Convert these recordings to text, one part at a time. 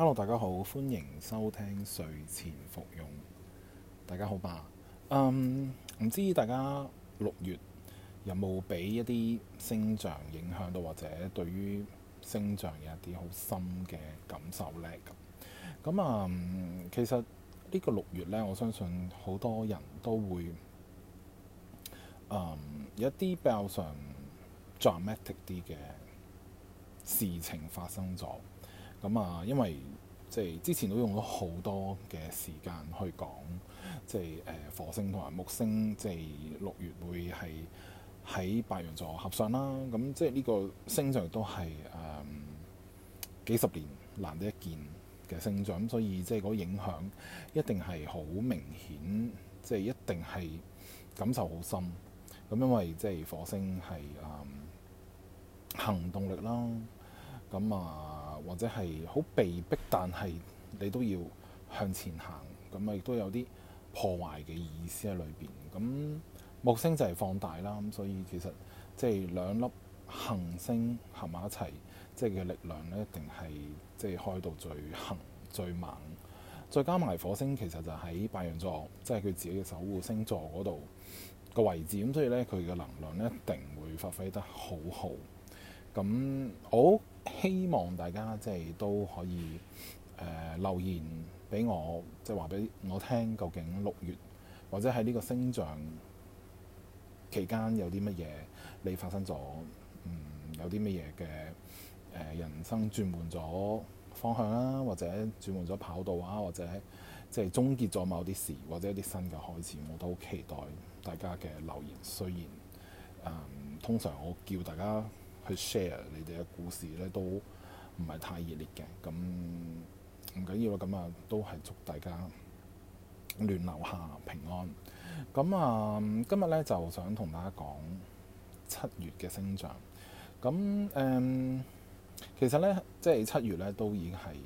hello，大家好，歡迎收聽睡前服用。大家好吧？嗯，唔知大家六月有冇俾一啲星象影響到，或者對於星象有一啲好深嘅感受呢？咁咁啊，um, 其實呢個六月呢，我相信好多人都會嗯、um, 有一啲比較上 dramatic 啲嘅事情發生咗。咁啊，因為即係之前都用咗好多嘅時間去講，即係誒火星同埋木星，即係六月會係喺白羊座合上啦。咁即係呢個星象亦都係誒、嗯、幾十年難得一見嘅星象，咁所以即係嗰影響一定係好明顯，即係一定係感受好深。咁因為即係火星係誒、嗯、行動力啦，咁啊。或者係好被逼，但係你都要向前行，咁啊，亦都有啲破壞嘅意思喺裏邊。咁木星就係放大啦，咁所以其實即係兩粒行星合埋一齊，即係嘅力量咧，一定係即係開到最行最猛。再加埋火星，其實就喺白羊座，即係佢自己嘅守護星座嗰度個位置，咁所以咧佢嘅能量咧一定會發揮得好好。咁好希望大家即係都可以誒、呃、留言俾我，即係話俾我聽。究竟六月或者喺呢個星象期間有啲乜嘢？你發生咗嗯有啲乜嘢嘅誒人生轉換咗方向啦，或者轉換咗跑道啊，或者即係終結咗某啲事，或者一啲新嘅開始。我都好期待大家嘅留言。雖然誒、嗯、通常我叫大家。去 share 你哋嘅故事咧，都唔係太熱烈嘅。咁唔緊要啦，咁啊都係祝大家亂流下平安。咁啊、嗯，今日咧就想同大家講七月嘅星象。咁誒、嗯，其實咧即係七月咧都已經係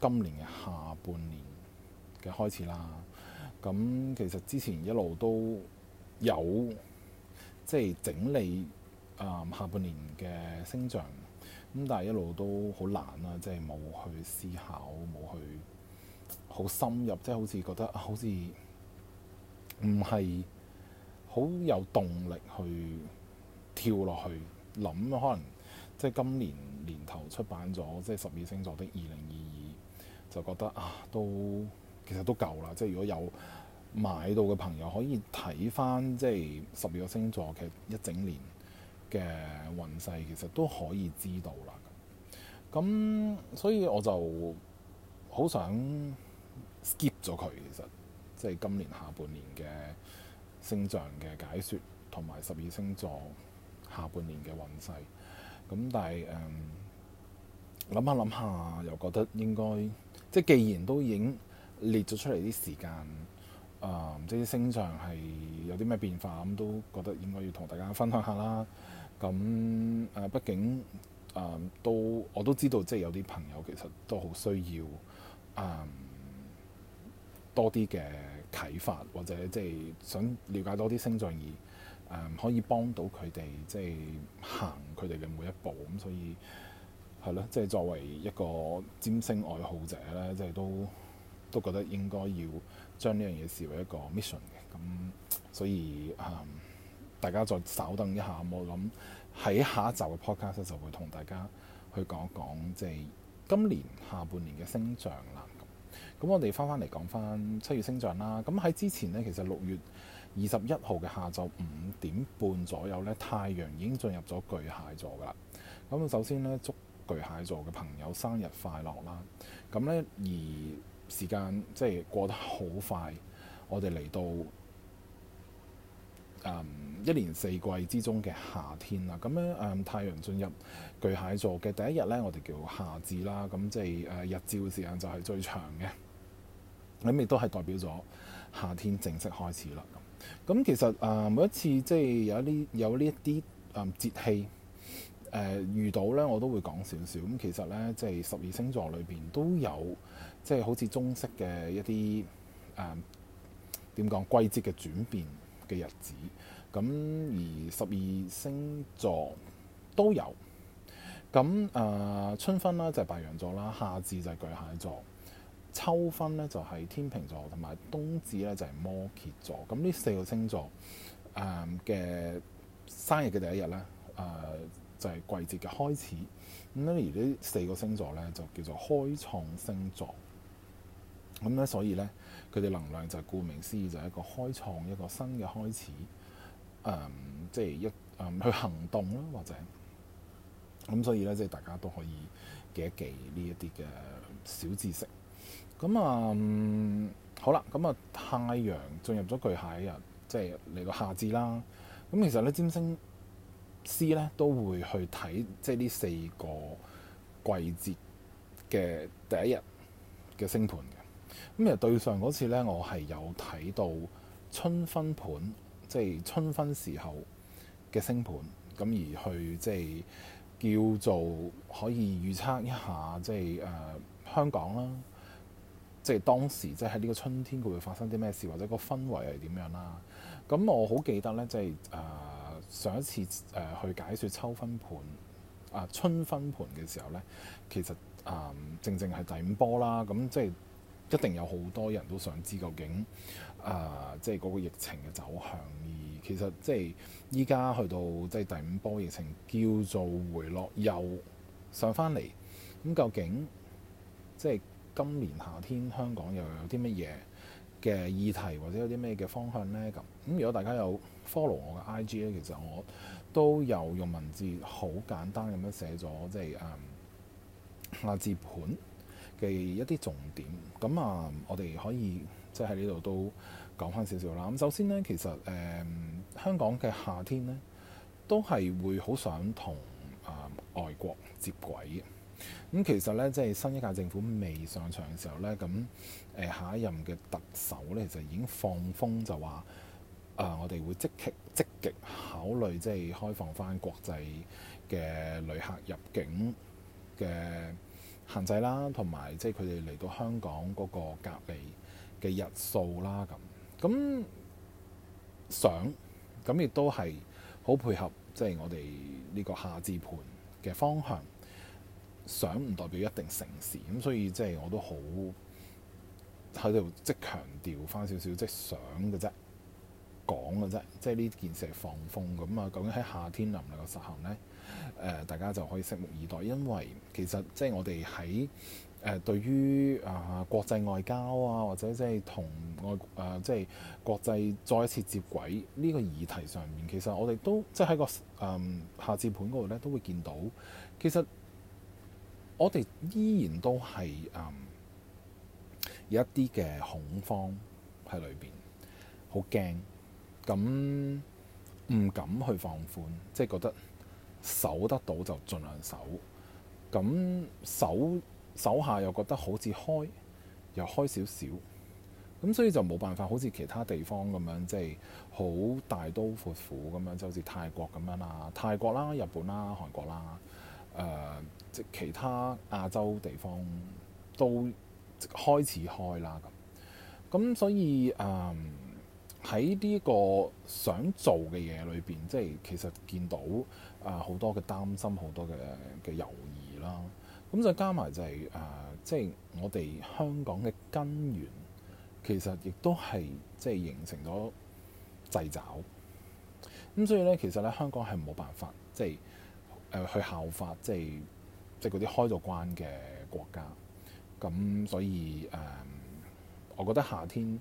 今年嘅下半年嘅開始啦。咁其實之前一路都有即係、就是、整理。啊！下半年嘅星象咁，但係一路都好難啊，即係冇去思考，冇去好深入，即係好似覺得好似唔係好有動力去跳落去諗。想可能即係今年年頭出版咗即係十二星座的二零二二，就覺得啊，都其實都夠啦。即係如果有買到嘅朋友，可以睇翻即係十二個星座嘅一整年嘅運勢其實都可以知道啦。咁所以我就好想 skip 咗佢，其實即係、就是、今年下半年嘅星象嘅解說，同埋十二星座下半年嘅運勢。咁但係誒，諗下諗下又覺得應該，即係既然都已經列咗出嚟啲時間，誒即啲星象係有啲咩變化咁，都覺得應該要同大家分享下啦。咁誒、呃，畢竟誒、呃，都我都知道，即係有啲朋友其實都好需要誒、呃、多啲嘅啟發，或者即係想了解多啲星象誒，可以幫到佢哋即係行佢哋嘅每一步。咁所以係咯，即係作為一個占星愛好者咧，即係都都覺得應該要將呢樣嘢視為一個 mission 嘅。咁所以誒，呃大家再稍等一下，我諗喺下一集嘅 podcast 就會同大家去講講，即係今年下半年嘅星象啦。咁，我哋翻翻嚟講翻七月星象啦。咁喺之前呢，其實六月二十一號嘅下晝五點半左右呢，太陽已經進入咗巨蟹座㗎啦。咁首先呢，祝巨蟹座嘅朋友生日快樂啦。咁呢，而時間即係過得好快，我哋嚟到。誒一年四季之中嘅夏天啦，咁樣誒太陽進入巨蟹座嘅第一日咧，我哋叫夏至啦。咁即係誒日照嘅時間就係最長嘅，咁亦都係代表咗夏天正式開始啦。咁其實誒每一次即係有呢有呢一啲誒節氣誒遇到咧，我都會講少少。咁其實咧即係十二星座裏邊都有即係好似中式嘅一啲誒點講季節嘅轉變嘅日子，咁而十二星座都有，咁啊、呃、春分啦就係、是、白羊座啦，夏至就係巨蟹座，秋分咧就係、是、天秤座，同埋冬至咧就係、是、摩羯座。咁呢四個星座誒嘅、呃、生日嘅第一日咧，誒、呃、就係、是、季節嘅開始。咁咧而呢四個星座咧就叫做開創星座。咁咧所以咧。佢哋能量就係顧名思義，就係、是、一個開創一個新嘅開始，誒、嗯，即係一誒、嗯、去行動啦，或者咁，所以咧，即係大家都可以記一記呢一啲嘅小知識。咁啊、嗯，好啦，咁啊，太陽進入咗巨蟹日，即係嚟到夏至啦。咁其實咧，占星師咧都會去睇即係呢四個季節嘅第一日嘅星盤嘅。咁其實對上嗰次咧，我係有睇到春分盤，即、就、係、是、春分時候嘅星盤，咁而去即係、就是、叫做可以預測一下，即、就、係、是呃、香港啦，即、就、係、是、當時即係喺呢個春天佢會,會發生啲咩事，或者個氛圍係點樣啦。咁我好記得咧，即、就、係、是呃、上一次、呃、去解說秋分盤啊、呃、春分盤嘅時候咧，其實、呃、正正係第五波啦。咁即係。一定有好多人都想知究竟啊，即係嗰個疫情嘅走向而，而其實即係依家去到即係第五波疫情叫做回落又上翻嚟，咁究竟即係今年夏天香港又有啲乜嘢嘅議題或者有啲咩嘅方向咧？咁咁如果大家有 follow 我嘅 IG 咧，其實我都有用文字好簡單咁樣寫咗，即係，嗯、啊，夏至盤。嘅一啲重點咁啊，我哋可以即係呢度都講翻少少啦。咁首先呢，其實、嗯、香港嘅夏天呢，都係會好想同啊、嗯、外國接軌咁、嗯、其實呢，即係新一屆政府未上場嘅時候呢，咁下一任嘅特首呢就已經放風就話啊、嗯，我哋會積極積極考慮即係開放翻國際嘅旅客入境嘅限制啦，同埋即係佢哋嚟到香港嗰個隔離嘅日數啦，咁咁想咁亦都係好配合，即係我哋呢個夏至盤嘅方向。想唔代表一定成事，咁所以即係我都好喺度即係強調翻少少，即係想嘅啫，講嘅啫，即係呢件事係放風咁啊！究竟喺夏天能唔能夠實行咧？誒、呃，大家就可以拭目以待，因為其實即係我哋喺誒對於啊、呃、國際外交啊，或者即係同外誒即係國際再一次接軌呢個議題上面，其實我哋都即係喺個嗯、呃、下次盤嗰度咧，都會見到其實我哋依然都係嗯、呃、有一啲嘅恐慌喺裏邊，好驚咁唔敢去放寬，即、就、係、是、覺得。守得到就盡量守，咁守手下又覺得好似開，又開少少，咁所以就冇辦法好似其他地方咁樣，即係好大刀闊斧咁樣，就好似泰國咁樣啊，泰國啦、日本啦、韓國啦，誒、呃，即係其他亞洲地方都開始開啦。咁咁所以誒喺呢個想做嘅嘢裏邊，即係其實見到。啊！好多嘅擔心，好多嘅嘅猶豫啦。咁再加埋就係、是、誒，即、呃、係、就是、我哋香港嘅根源，其實亦都係即係形成咗掣肘。咁所以咧，其實咧香港係冇辦法即係誒去效法，即係即係嗰啲開咗關嘅國家。咁所以誒、呃，我覺得夏天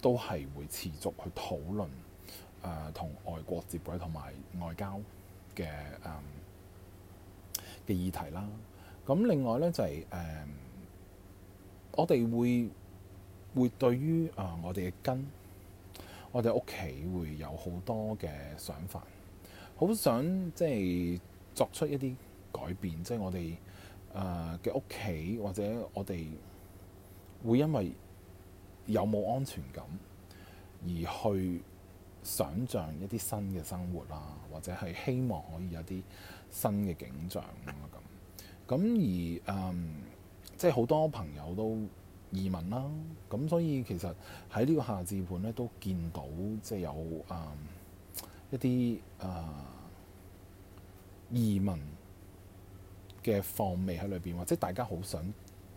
都係會持續去討論誒同、呃、外國接軌同埋外交。嘅誒嘅議題啦，咁另外咧就係、是、誒、嗯，我哋會會對於啊我哋嘅根，我哋屋企會有好多嘅想法，好想即係、就是、作出一啲改變，即、就、係、是、我哋誒嘅屋企或者我哋會因為有冇安全感而去，想像一啲新嘅生活啊，或者係希望可以有啲新嘅景象啊，咁。咁而誒、嗯、即係好多朋友都移民啦。咁、啊、所以其實喺呢個夏至盤咧，都見到即係有誒、啊、一啲誒、啊、移民嘅放味喺裏邊，或者大家好想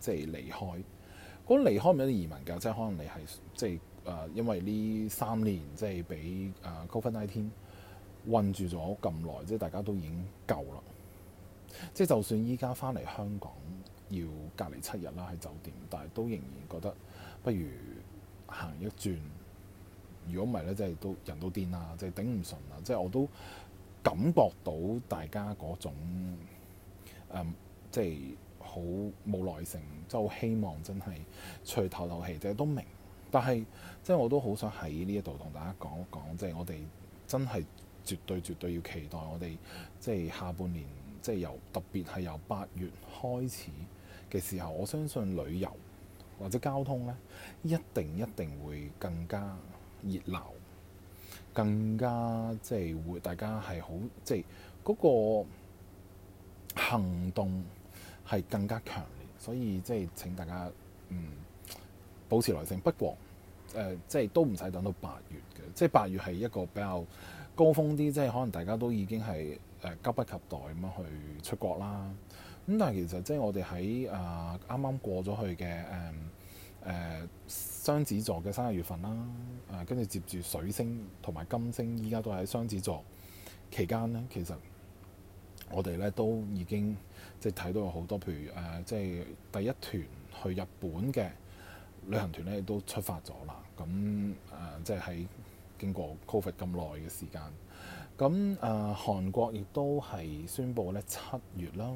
即係離開。咁離開咪有啲移民㗎？即係可能你係即係。誒，因為呢三年即係俾誒 Covid nineteen 韞住咗咁耐，即係大家都已經夠啦。即係就算依家翻嚟香港要隔離七日啦，喺酒店，但係都仍然覺得不如行一轉。如果唔係咧，即係都人都癲啦，即係頂唔順啦。即係我都感覺到大家嗰種、嗯、即係好冇耐性，即係好希望真係出去透透氣，即係都明。但係，即係我都好想喺呢一度同大家講一講，即係我哋真係絕對絕對要期待我，我哋即係下半年，即係由特別係由八月開始嘅時候，我相信旅遊或者交通呢，一定一定會更加熱鬧，更加即係會大家係好，即係嗰個行動係更加強烈，所以即係請大家嗯。保持耐性，不過誒、呃，即係都唔使等到八月嘅，即係八月係一個比較高峰啲，即係可能大家都已經係誒、呃、急不及待咁樣去出國啦。咁但係其實即係我哋喺啊啱啱過咗去嘅誒誒雙子座嘅生日月份啦，誒跟住接住水星同埋金星，依家都喺雙子座期間咧。其實我哋咧都已經即係睇到有好多，譬如誒、呃，即係第一團去日本嘅。旅行團咧都出發咗啦，咁誒、呃、即係喺經過 COVID 咁耐嘅時間，咁誒、呃、韓國亦都係宣布咧七月啦，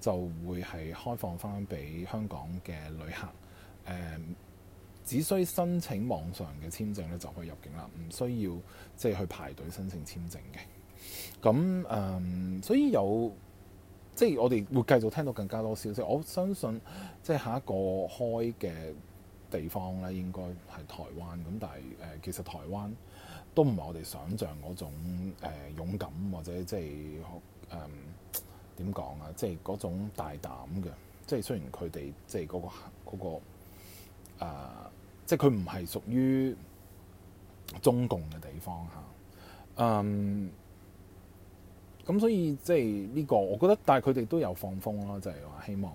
就會係開放翻俾香港嘅旅客誒、呃，只需申請網上嘅簽證咧就可以入境啦，唔需要即係去排隊申請簽證嘅。咁誒、呃，所以有即係我哋會繼續聽到更加多的消息，我相信即係下一個開嘅。地方咧應該係台灣咁，但係誒，其實台灣都唔係我哋想象嗰種勇敢或者即係誒點講啊，即係嗰種大膽嘅。即係雖然佢哋即係嗰個嗰個啊，即係佢唔係屬於中共嘅地方嚇。嗯，咁所以即係呢個，我覺得，但係佢哋都有放風咯，就係話希望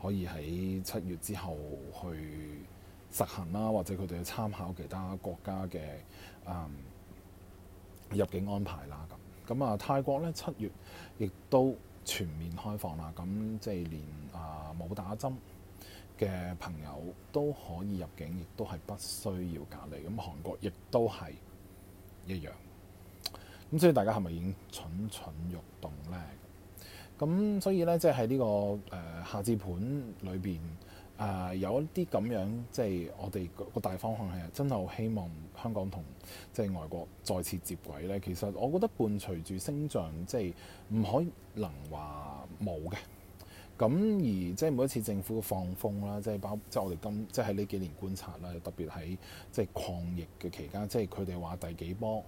可以喺七月之後去。實行啦，或者佢哋去參考其他國家嘅、嗯、入境安排啦。咁咁啊，泰國咧七月亦都全面開放啦。咁即係連啊冇、呃、打針嘅朋友都可以入境，亦都係不需要隔離。咁韓國亦都係一樣。咁所以大家係咪已經蠢蠢欲動咧？咁所以咧，即係喺呢個誒、呃、夏至盤裏邊。誒、uh, 有一啲咁樣，即、就、係、是、我哋個大方向係真係好希望香港同即係外國再次接軌咧。其實我覺得伴隨住星象，即係唔可能話冇嘅。咁而即係、就是、每一次政府嘅放風啦，即、就、係、是、包即係、就是、我哋今即係呢幾年觀察啦，特別喺即係抗疫嘅期間，即係佢哋話第幾波，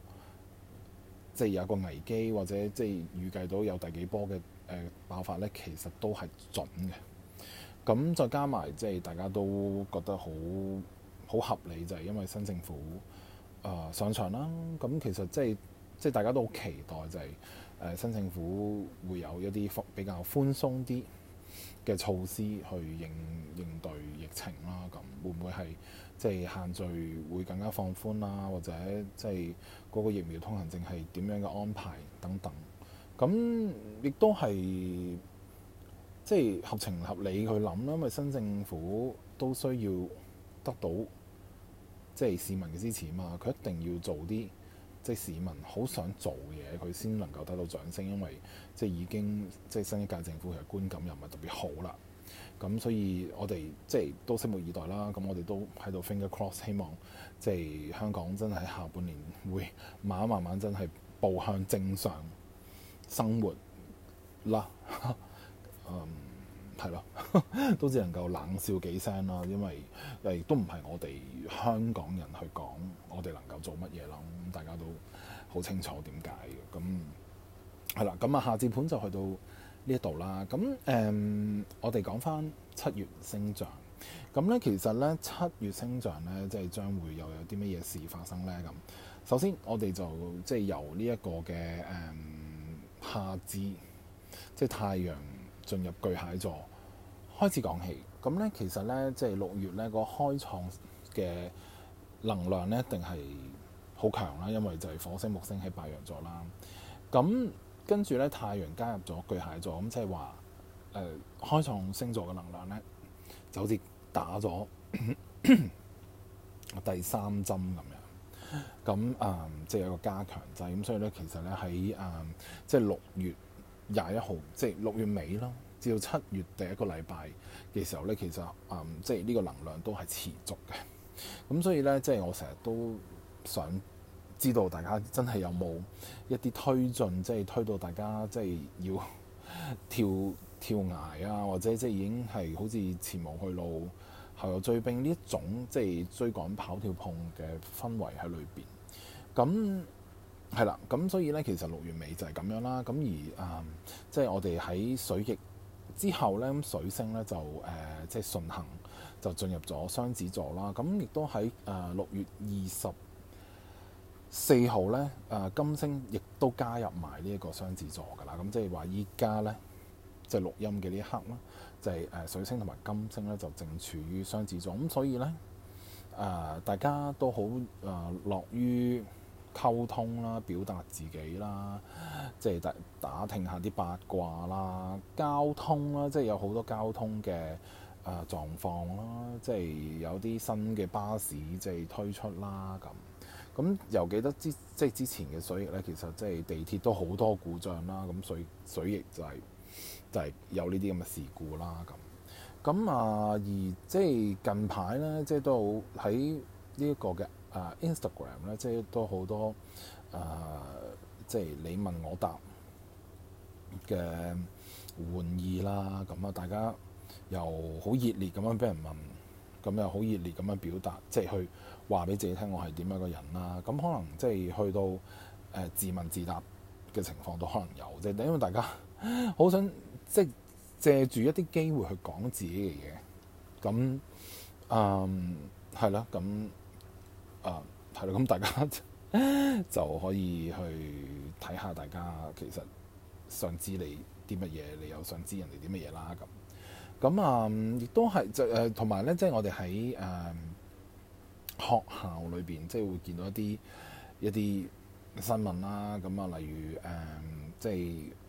即、就、係、是、有個危機或者即係預計到有第幾波嘅誒、呃、爆發咧，其實都係準嘅。咁再加埋，即係大家都覺得好好合理，就係、是、因為新政府、呃、上場啦。咁其實即係即係大家都好期待、就是，就、呃、係新政府會有一啲比較寬鬆啲嘅措施去應應對疫情啦。咁會唔會係即係限聚會更加放寬啦？或者即係嗰個疫苗通行證係點樣嘅安排等等？咁亦都係。即係合情合理去諗啦，因為新政府都需要得到即係市民嘅支持啊嘛。佢一定要做啲即係市民好想做嘅嘢，佢先能夠得到掌聲。因為即係已經即係新一屆政府嘅觀感又唔係特別好啦。咁所以我哋即係都拭目以待啦。咁我哋都喺度 finger cross，希望即係香港真係下半年會慢慢慢真係步向正常生活啦。係、嗯、咯，都只能夠冷笑幾聲啦。因為誒都唔係我哋香港人去講，我哋能夠做乜嘢，咁大家都好清楚點解嘅。咁係啦，咁啊，夏至盤就去到呢一度啦。咁誒、嗯，我哋講翻七月星象。咁咧，其實咧七月星象咧，即係將會又有啲乜嘢事發生咧。咁首先，我哋就即係由呢一個嘅誒夏至，即係、嗯、太陽。進入巨蟹座開始講起，咁咧其實咧，即係六月咧個開創嘅能量咧，一定係好強啦，因為就係火星木星喺白羊座啦。咁跟住咧，太陽加入咗巨蟹座，咁即係話誒開創星座嘅能量咧，就好似打咗第三針咁樣。咁啊，即係有個加強劑。咁所以咧，其實咧喺啊，即係六月。廿一號即係六月尾咯，至到七月第一個禮拜嘅時候咧，其實嗯即係呢個能量都係持續嘅。咁所以咧，即係我成日都想知道大家真係有冇一啲推進，即係推到大家即係要跳跳崖啊，或者即係已經係好似前無去路、後有追兵呢一種即係追趕跑跳碰嘅氛圍喺裏邊。咁係啦，咁所以咧，其實六月尾就係咁樣啦。咁而嗯，即係我哋喺水逆之後咧，水星咧就誒即係順行，就進入咗雙子座啦。咁亦都喺誒六月二十四號咧，誒金星亦都加入埋呢一個雙子座噶啦。咁即係話依家咧，即係錄音嘅呢一刻啦，就係誒水星同埋金星咧就正處於雙子座。咁所以咧，誒大家都好誒樂於溝通啦，表達自己啦，即係打打聽下啲八卦啦，交通啦，即係有好多交通嘅啊、呃、狀況啦，即係有啲新嘅巴士即係推出啦咁。咁又記得之即係之前嘅水逆咧，其實即係地鐵都好多故障啦，咁水水逆就係、是、就係、是、有呢啲咁嘅事故啦咁。咁啊，而即係近排咧，即係都喺呢一個嘅。啊，Instagram 咧，即係都好多啊，即係你問我答嘅玩意啦，咁啊，大家又好熱烈咁樣俾人問，咁又好熱烈咁樣表達，即係去話俾自己聽我係點樣一個人啦。咁可能即係去到誒自問自答嘅情況都可能有，即係因為大家好想即係借住一啲機會去講自己嘅嘢，咁嗯係咯，咁。啊、嗯，係啦，咁大家就，就可以去睇下，大家其實想知你啲乜嘢，你又想知人哋啲乜嘢啦咁。咁啊，亦、嗯、都係同埋咧，即係、就是、我哋喺誒學校裏面，即、就、係、是、會見到一啲一啲新聞啦。咁啊，例如誒，即、嗯、係、就是、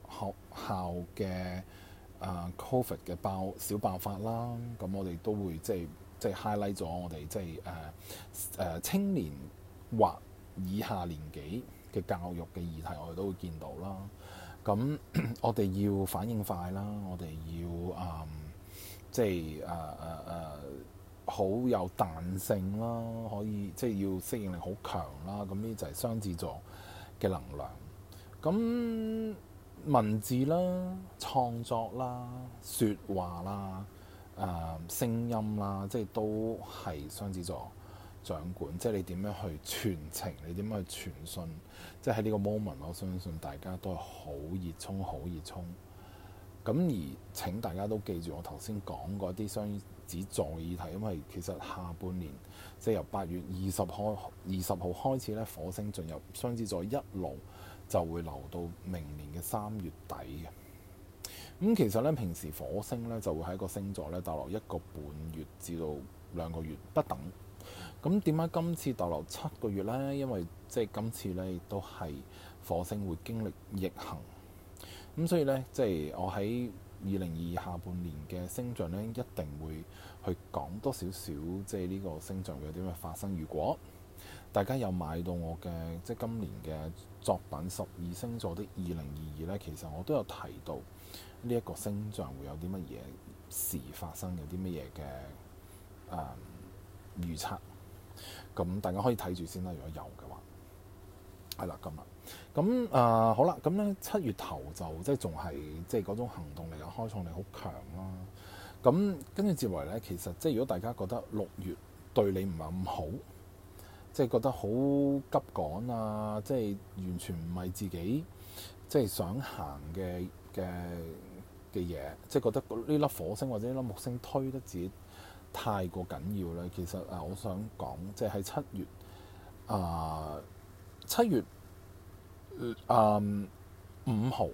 學校嘅啊、嗯、，COVID 嘅爆小爆發啦。咁我哋都會即係。就是即係 highlight 咗我哋即係、uh, uh, 青年或以下年紀嘅教育嘅議題，我哋都會見到啦。咁我哋要反應快啦，我哋要、um, 即係、uh, uh, uh, 好有彈性啦，可以即係要適應力好強啦。咁呢就係雙子座嘅能量。咁文字啦、創作啦、説話啦。誒聲音啦，即係都係雙子座掌管，即係你點樣去傳情，你點樣去傳信，即係呢個 moment，我相信大家都係好熱衷，好熱衷。咁而請大家都記住我頭先講嗰啲雙子座議題，因為其實下半年即係由八月二十開二十號開始咧，火星進入雙子座，一路就會留到明年嘅三月底嘅。咁其實咧，平時火星咧就會喺一個星座咧逗留一個半月至到兩個月不等。咁點解今次逗留七個月呢？因為即係今次咧都係火星會經歷逆行。咁所以呢，即係我喺二零二二下半年嘅星象呢，一定會去講多少少即係呢個星象會有啲咩發生。如果大家有買到我嘅即係今年嘅作品《十二星座的二零二二》呢，其實我都有提到。呢、這、一個星象會有啲乜嘢事發生？有啲乜嘢嘅誒預測？咁、嗯、大家可以睇住先啦。如果有嘅話，係啦，今日咁誒好啦。咁咧，七月頭就即係仲係即係嗰種行動力，的開創力很強、開創力好強啦。咁跟住接落嚟咧，其實即係如果大家覺得六月對你唔係咁好，即係覺得好急趕啊，即係完全唔係自己即係想行嘅。嘅嘅嘢，即係覺得呢粒火星或者呢粒木星推得自己太過緊要咧。其實啊，我想講，即係喺七月啊，七、呃、月嗯五號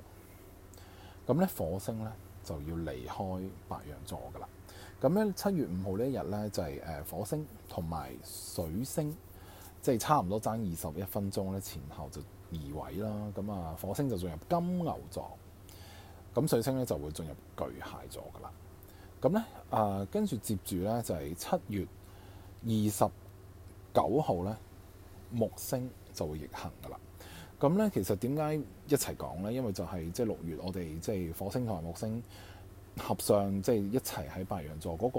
咁咧，呃、火星咧就要離開白羊座噶啦。咁咧，七月五號呢一日咧就係、是、誒火星同埋水星，即、就、係、是、差唔多爭二十一分鐘咧前後就移位啦。咁啊，火星就進入金牛座。咁水星咧就會進入巨蟹座噶啦，咁咧啊跟住接住咧就係七月二十九號咧，木星就會逆行噶啦。咁咧其實點解一齊講咧？因為就係即係六月我哋即係火星同埋木星合上，即係一齊喺白羊座嗰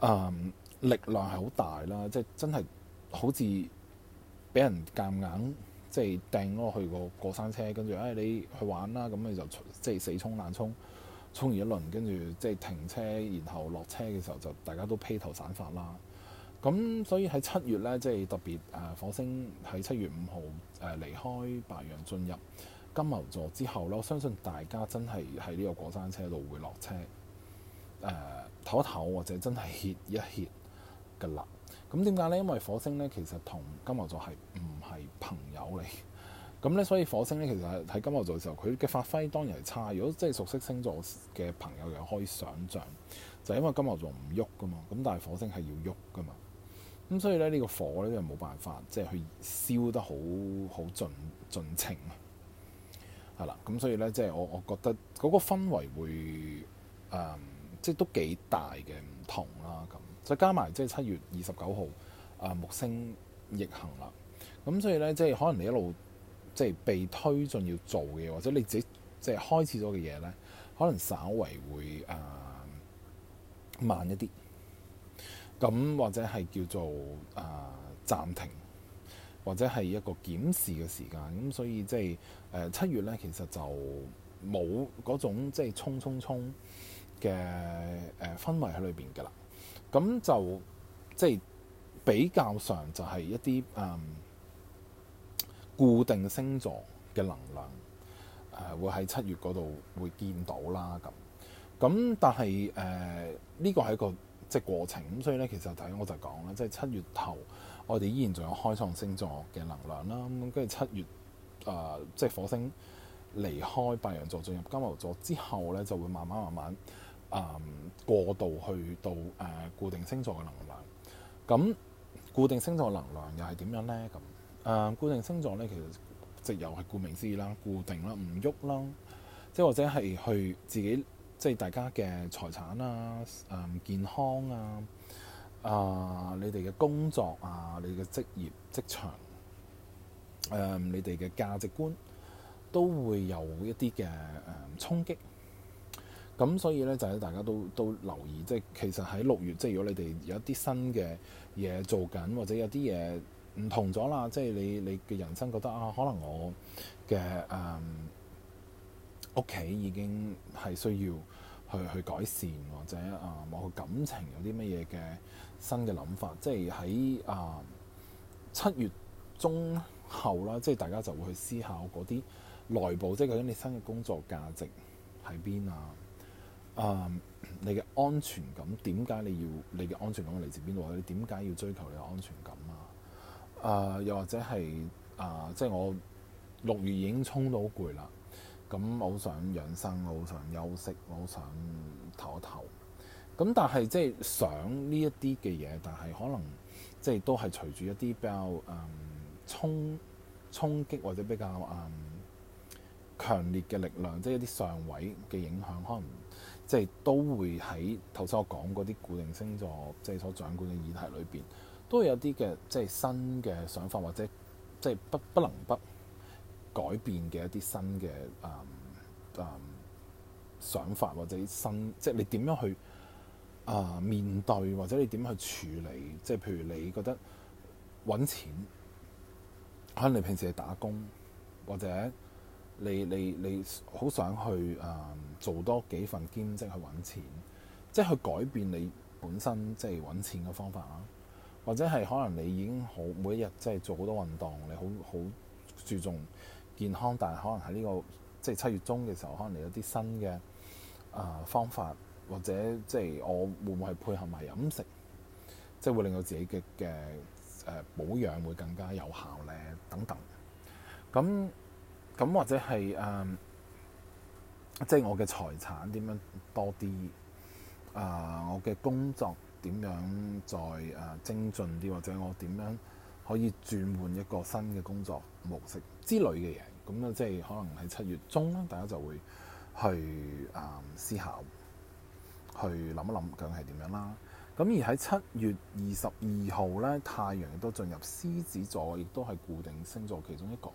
個啊力量係好大啦，即係真係好似俾人夾硬。即係掟嗰去個過山車，跟住誒你去玩啦，咁你就即係、就是、死衝爛衝，衝完一輪，跟住即係停車，然後落車嘅時候就大家都披頭散發啦。咁所以喺七月呢，即、就、係、是、特別誒火星喺七月五號誒離開白羊進入金牛座之後呢我相信大家真係喺呢個過山車度會落車誒唞、呃、一唞，或者真係歇一歇嘅啦。咁點解咧？因為火星咧其實同金牛座係唔係朋友嚟，咁咧所以火星咧其實喺金牛座嘅時候，佢嘅發揮當然係差。如果即係熟悉星座嘅朋友又可以想象，就係、係、因為金牛座唔喐噶嘛，咁但係火星係要喐噶嘛，咁所以咧呢、呢個火咧就冇辦法即係去燒得好好盡盡情啊。係啦，咁所以咧即係我我覺得嗰個氛圍會、嗯、即係都幾大嘅唔同啦咁。再加埋即係七月二十九號，啊木星逆行啦，咁所以咧，即係可能你一路即係被推進要做嘅嘢，或者你自己即係開始咗嘅嘢咧，可能稍為會誒慢一啲，咁或者係叫做啊暫停，或者係一個檢視嘅時間。咁所以即係誒七月咧，其實就冇嗰種即係衝衝衝嘅誒氛圍喺裏邊噶啦。咁就即係比較上就係一啲、嗯、固定星座嘅能量，呃、會喺七月嗰度會見到啦咁。咁但係呢個係一個即係過程，咁所以咧，其實第一我就講啦，即係七月頭我哋依然仲有開創星座嘅能量啦。咁跟住七月呃、即係火星離開白羊座進入金牛座之後咧，就會慢慢慢慢。誒、um, 過渡去到誒、呃、固定星座嘅能量，咁固定星座嘅能量又係點樣咧？咁誒、呃、固定星座咧，其實直由係顧名思義啦，固定啦，唔喐啦，即係或者係去自己，即係大家嘅財產啊，誒、嗯、健康啊，啊、呃、你哋嘅工作啊，你嘅職業職場，誒、呃、你哋嘅價值觀都會有一啲嘅誒衝擊。嗯咁所以咧，就係大家都都留意，即係其實喺六月，即係如果你哋有一啲新嘅嘢做緊，或者有啲嘢唔同咗啦，即係你你嘅人生覺得啊，可能我嘅誒屋企已經係需要去去改善，或者啊，某個感情有啲乜嘢嘅新嘅諗法，即係喺啊七月中後啦，即係大家就會去思考嗰啲內部，即係究竟你新嘅工作價值喺邊啊？誒、uh,，你嘅安全感點解你要？你嘅安全感嚟自邊度咧？你點解要追求你嘅安全感啊？誒、uh,，又或者係誒，即、uh, 係我六月已經衝到好攰啦，咁好想養生，我好想休息，我好想唞一唞。咁但係即係想呢一啲嘅嘢，但係可能即係都係隨住一啲比較誒、um, 衝衝擊或者比較誒、um, 強烈嘅力量，即係一啲上位嘅影響，可能。即係都會喺頭先我講嗰啲固定星座，即係所掌管嘅議題裏邊，都會有啲嘅即係新嘅想法，或者即係不不能不改變嘅一啲新嘅誒誒想法，或者新即係你點樣去啊、呃、面對，或者你點樣去處理，即係譬如你覺得揾錢，可能你平時係打工，或者你你你好想去誒。呃做多幾份兼職去揾錢，即、就、係、是、去改變你本身即係揾錢嘅方法啦。或者係可能你已經好每一日即係做好多運動，你好好注重健康，但係可能喺呢、這個即係七月中嘅時候，可能你有啲新嘅、呃、方法，或者即係、就是、我會唔會係配合埋飲食，即、就、係、是、會令到自己嘅嘅誒保養會更加有效呢？等等。咁咁或者係誒？呃即係我嘅財產點樣多啲？啊，我嘅工作點樣再啊精進啲，或者我點樣可以轉換一個新嘅工作模式之類嘅嘢？咁啊，即係可能喺七月中咧，大家就會去啊思考，去諗一諗究竟係點樣啦。咁而喺七月二十二號咧，太陽亦都進入獅子座，亦都係固定星座其中一個。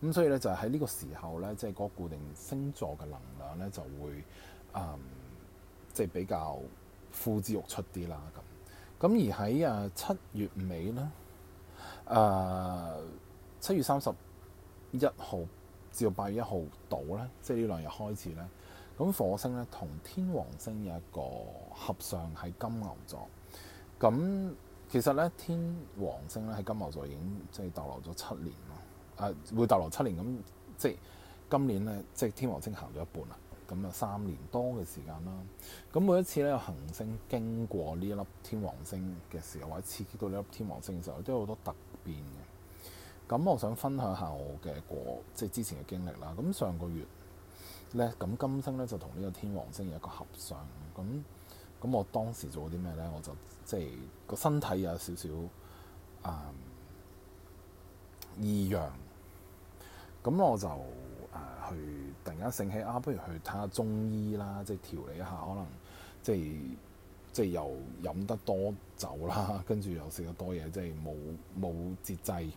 咁所以咧，就係喺呢個時候咧，即係嗰個固定星座嘅能量咧、嗯，就會誒，即係比較呼之欲出啲啦。咁咁而喺誒七月尾咧，誒、呃、七月三十一號至到八月一號到咧，即係呢兩日開始咧，咁火星咧同天王星有一個合相喺金牛座。咁其實咧，天王星咧喺金牛座已經即係逗留咗七年。誒、啊、會逗留七年咁，即今年咧，即係天王星行咗一半啦。咁啊三年多嘅時間啦，咁每一次咧有行星經過呢一粒天王星嘅時候，或者刺激到呢粒天王星嘅時候，都有好多突變嘅。咁我想分享下我嘅過，即係之前嘅經歷啦。咁上個月咧，咁金星咧就同呢個天王星有一個合相。咁咁我當時做啲咩咧？我就即係個身體有少少啊、嗯、異樣。咁我就去、呃、突然間醒起啊，不如去睇下中醫啦，即係調理一下，可能即係即係又飲得多酒啦，跟住又食得多嘢，即係冇冇節制。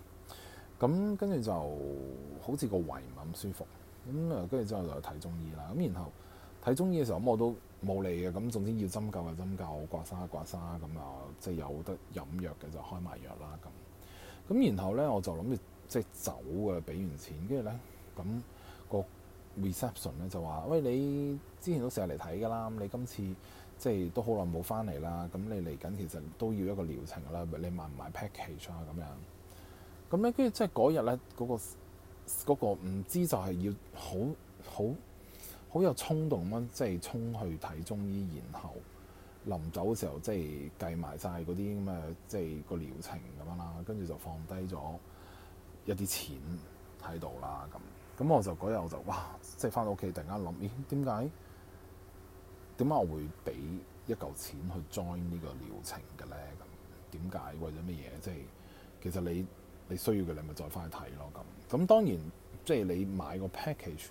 咁跟住就好似個胃唔咁舒服。咁啊，跟住之後就去睇中醫啦。咁然後睇中醫嘅時候，咁我都冇理嘅。咁總之要針灸就針灸，刮痧刮痧咁啊，即係有得飲藥嘅就開埋藥啦。咁咁然後咧，我就諗住。即係走啊！俾完錢，跟住咧咁個 reception 咧就話，喂，你之前都成日嚟睇㗎啦，咁你今次即係都好耐冇翻嚟啦，咁你嚟緊其實都要一個療程㗎啦。你買唔買 package 啊？咁樣咁咧，跟住即係嗰日咧，嗰個嗰個唔知就係要好好好有衝動乜，即係衝去睇中醫，然後臨走嘅時候即係計埋晒嗰啲咁嘅，即係個療程咁樣啦，跟住就放低咗。一啲錢喺度啦，咁咁我，我就嗰日我就哇，即係翻到屋企突然間諗，咦點解，點解我會俾一嚿錢去 join 呢個療程嘅咧？咁點解為咗咩嘢？即係其實你你需要嘅你咪再翻去睇咯。咁咁當然即係你買個 package，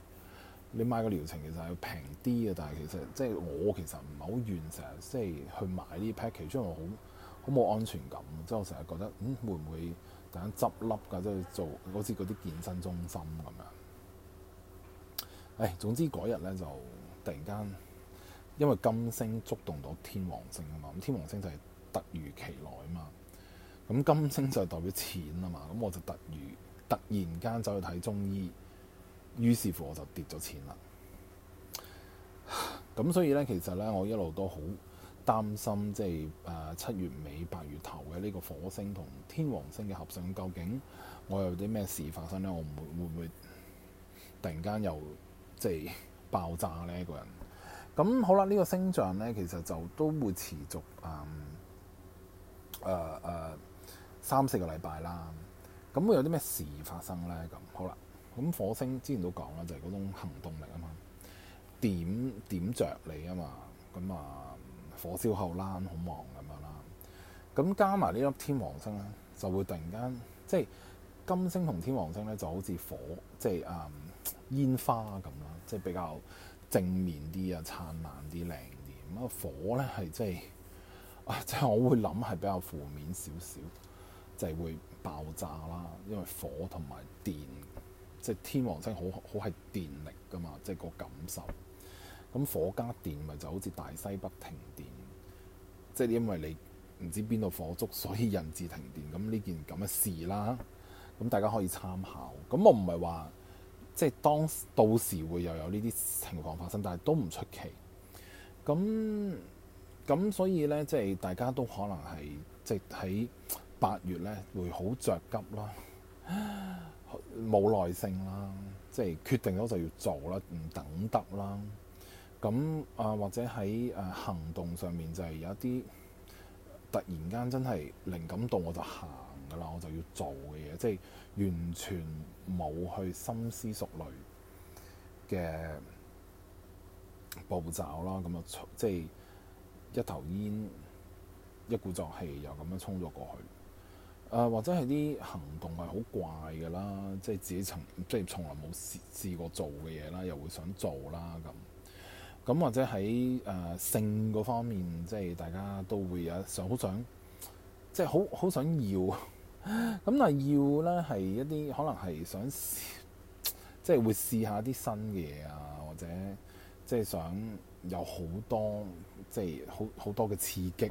你買個療程其實係平啲嘅，但係其實即係我其實唔係好願成日即係去買啲 package，因為我好好冇安全感，即係我成日覺得嗯會唔會？突然執笠噶，即係做，好似嗰啲健身中心咁樣。唉，總之嗰日咧就突然間，因為金星觸動到天王星啊嘛，咁天王星就係突如其來啊嘛。咁金星就係代表錢啊嘛，咁我就突如突然間走去睇中醫，於是乎我就跌咗錢啦。咁所以咧，其實咧，我一路都好擔心即係誒七月尾八月頭嘅呢個火星同天王星嘅合相，究竟我有啲咩事發生咧？我會會唔會突然間又即係爆炸咧？一個人咁好啦。呢、這個星象咧，其實就都會持續誒誒、嗯呃呃、三四個禮拜啦。咁會有啲咩事發生咧？咁好啦。咁火星之前都講啦，就係、是、嗰種行動力啊嘛，點點著你啊嘛咁啊。火燒後攣好忙咁樣啦，咁加埋呢粒天王星咧，就會突然間即係金星同天王星咧，就好似火即係啊、嗯、煙花咁咯，即係比較正面啲啊，燦爛啲，靚啲。咁啊火咧係即係即係我會諗係比較負面少少，就係、是、會爆炸啦，因為火同埋電，即係天王星好好係電力噶嘛，即係個感受。咁火加電，咪就好似大西北停電，即係因為你唔知邊度火燭，所以引致停電。咁呢件咁嘅事啦，咁大家可以參考。咁我唔係話即係當到時會又有呢啲情況發生，但係都唔出奇。咁咁所以呢，即係大家都可能係即係喺八月呢會好着急啦，冇耐性啦，即係決定咗就要做啦，唔等得啦。咁啊，或者喺誒行動上面，就係有一啲突然間真係靈感到我就行噶啦，我就要做嘅嘢，即係完全冇去深思熟慮嘅步驟啦。咁啊，即係一頭煙一鼓作氣又咁樣衝咗過去。誒，或者係啲行動係好怪噶啦，即係自，自己從即係從來冇試試過做嘅嘢啦，又會想做啦咁。咁或者喺誒性嗰方面，即係大家都會有想，好想，即係好好想要。咁但係要咧，係一啲可能係想，即係會試下啲新嘢啊，或者即係想有好多，即係好好多嘅刺激，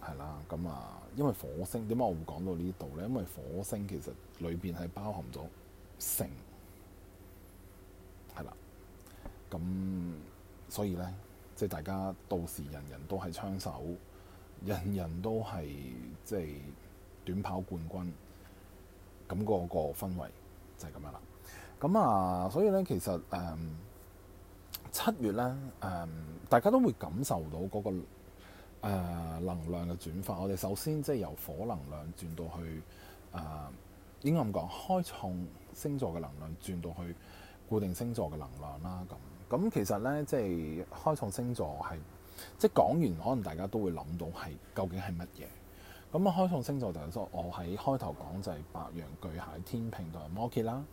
係啦。咁啊，因為火星點解我會講到這裡呢度咧？因為火星其實裏邊係包含咗性。咁所以咧，即係大家到時人人都係槍手，人人都係即係短跑冠軍，咁個個氛圍就係咁樣啦。咁啊，所以咧，其實誒七月咧誒大家都會感受到嗰個誒能量嘅轉化。我哋首先即係由火能量轉到去誒應該咁講，開創星座嘅能量轉到去固定星座嘅能量啦。咁。咁其實咧，即係開創星座係，即係講完，可能大家都會諗到係究竟係乜嘢。咁啊，開創星座就係我喺開頭講就係白羊、巨蟹、天秤同埋摩羯啦。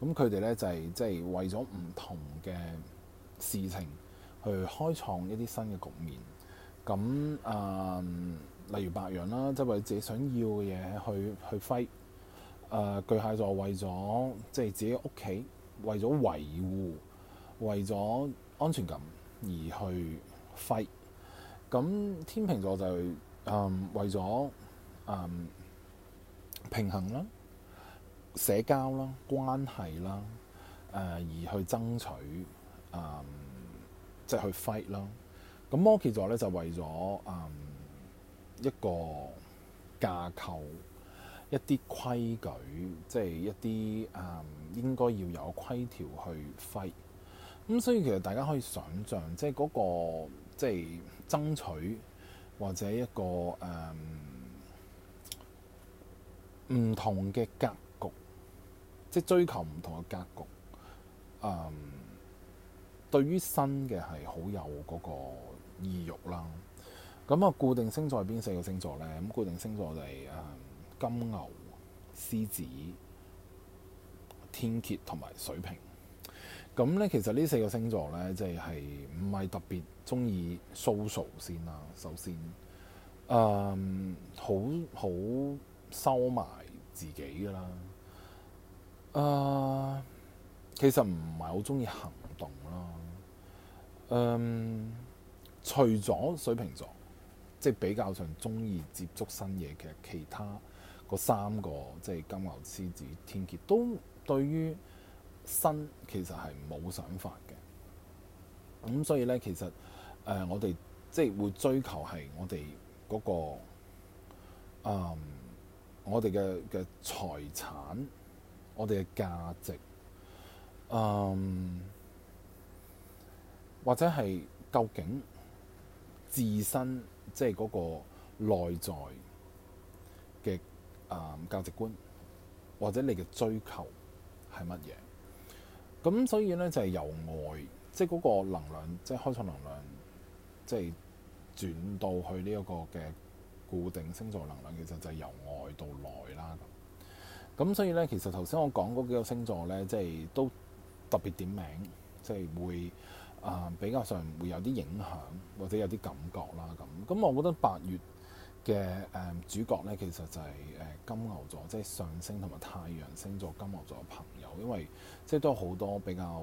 咁佢哋咧就係即係為咗唔同嘅事情去開創一啲新嘅局面。咁啊、呃，例如白羊啦，即係為自己想要嘅嘢去去揮。誒，巨蟹座為咗即係自己屋企，為咗維護。為咗安全感而去 fight，咁天秤座就嗯為咗嗯平衡啦、社交啦、關係啦，誒、呃、而去爭取嗯即係、就是、去 fight 啦。咁摩羯座咧就為咗嗯一個架構、一啲規矩，即、就、係、是、一啲嗯應該要有規條去 fight 咁、嗯、所以其實大家可以想象，即係嗰、那個即係爭取或者一個誒唔、嗯、同嘅格局，即係追求唔同嘅格局。啊、嗯，對於新嘅係好有嗰個意欲啦。咁、嗯、啊，固定星座係邊四個星座咧？咁固定星座就係、是、誒、嗯、金牛、獅子、天蠍同埋水瓶。咁咧，其實呢四個星座咧，即係唔係特別中意 social 先啦。首先，嗯，好好收埋自己噶啦。誒、嗯，其實唔係好中意行動啦。嗯，除咗水瓶座，即係比較上中意接觸新嘢嘅，其他嗰三個，即係金牛、獅子、天蠍，都對於身其實係冇想法嘅，咁所以咧，其實誒、呃，我哋即係會追求係我哋嗰、嗰個、嗯、我哋嘅嘅財產，我哋嘅價值，誒、嗯、或者係究竟自身即係嗰個內在嘅誒、嗯、價值觀，或者你嘅追求係乜嘢？咁所以咧就係由外，即係嗰個能量，即係開創能量，即係轉到去呢一個嘅固定星座能量。其實就係由外到內啦。咁咁所以咧，其實頭先我講嗰幾個星座咧，即係都特別點名，即係會啊比較上會有啲影響或者有啲感覺啦。咁咁，我覺得八月嘅誒主角咧，其實就係誒金牛座，即係上升同埋太陽星座金牛座嘅朋。因為即係都好多比較誒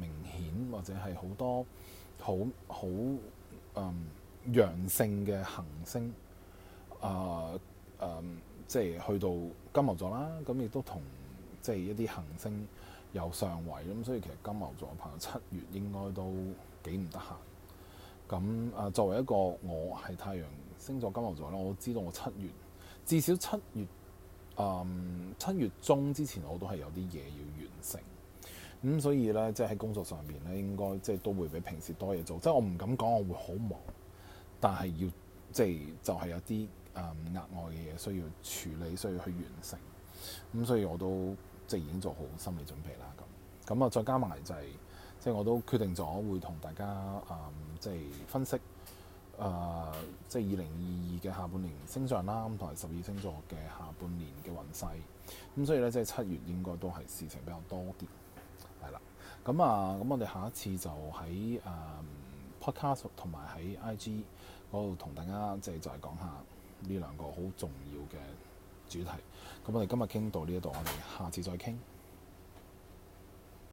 明顯或者係好多好好誒陽性嘅行星，啊、呃、誒、呃、即係去到金牛座啦，咁亦都同即係一啲行星有上位咁，所以其實金牛座嘅朋友七月應該都幾唔得閒。咁啊，作為一個我係太陽星座金牛座啦，我知道我七月至少七月。嗯，七月中之前我都係有啲嘢要完成，咁所以咧，即係喺工作上面咧，應該即係都會比平時多嘢做。即係我唔敢講我會好忙，但係要即係就係有啲額外嘅嘢需要處理，需要去完成。咁所以我都即係已經做好心理準備啦。咁咁啊，再加埋就係即係我都決定咗會同大家啊，嗯，即係分析。誒、呃，即係二零二二嘅下半年升上啦，同埋十二星座嘅下半年嘅運勢。咁所以咧，即係七月應該都係事情比較多啲，係啦。咁啊，咁我哋下一次就喺誒、嗯、Podcast 同埋喺 I G 嗰度同大家即係就係講下呢兩個好重要嘅主題。咁我哋今日傾到呢一度，我哋下次再傾。